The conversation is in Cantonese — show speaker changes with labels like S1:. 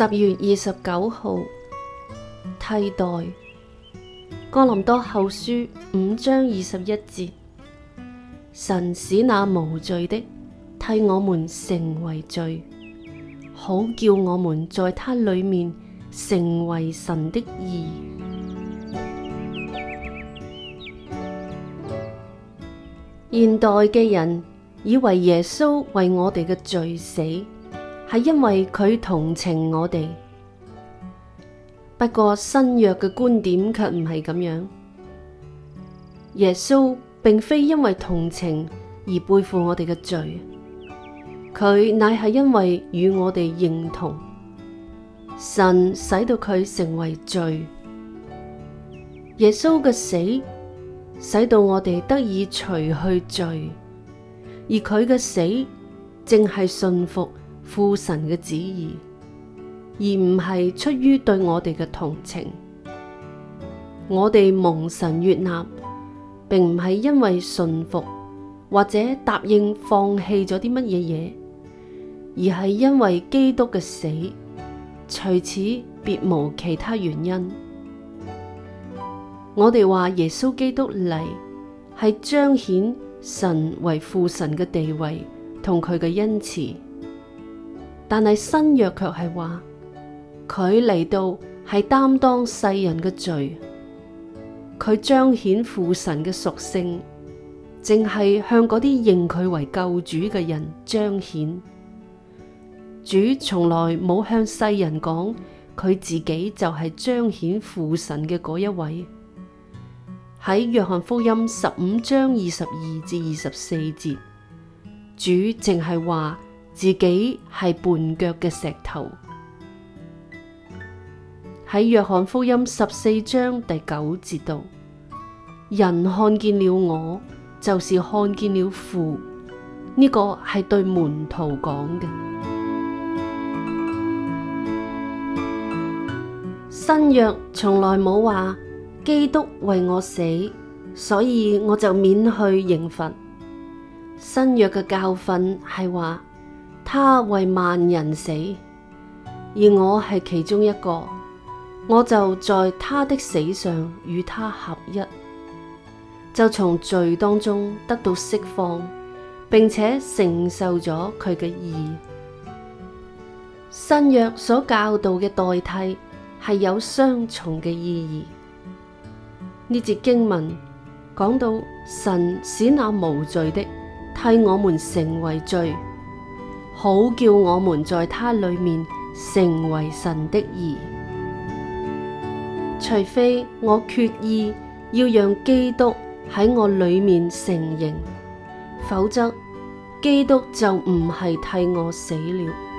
S1: 十月二十九號，替代哥林多後書五章二十一節。神使那無罪的替我們成為罪，好叫我們在他裏面成為神的義。現代嘅人以為耶穌為我哋嘅罪死。係因為佢同情我哋，不過新約嘅觀點卻唔係咁樣。耶穌並非因為同情而背負我哋嘅罪，佢乃係因為與我哋認同，神使到佢成為罪，耶穌嘅死使到我哋得以除去罪，而佢嘅死正係信服，父神嘅旨意，而唔係出於對我哋嘅同情。我哋蒙神悦納，並唔係因為信服或者答應放棄咗啲乜嘢嘢，而係因為基督嘅死。除此別無其他原因。我哋話耶穌基督嚟，係彰顯神為父神嘅地位同佢嘅恩慈。但係新約卻係話，佢嚟到係擔當世人嘅罪，佢彰顯父神嘅屬性，淨係向嗰啲認佢為救主嘅人彰顯。主從來冇向世人講，佢自己就係彰顯父神嘅嗰一位。喺約翰福音十五章二十二至二十四節，主淨係話。自己係絆腳嘅石頭，喺約翰福音十四章第九節度，人看見了我，就是看見了父。呢、這個係對門徒講嘅。新約從來冇話基督為我死，所以我就免去刑罰。新約嘅教訓係話。他為萬人死，而我係其中一個，我就在他的死上與他合一，就從罪當中得到釋放，並且承受咗佢嘅義。新約所教導嘅代替係有雙重嘅意義。呢節經文講到神使那無罪的替我們成為罪。好叫我們在他裏面成為神的義，除非我決意要讓基督喺我裏面成形，否則基督就唔係替我死了。